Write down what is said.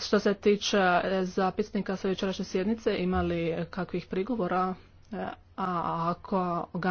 Što se tiče zapisnika sa jučerašnje sjednice, imali kakvih prigovora? E, a ako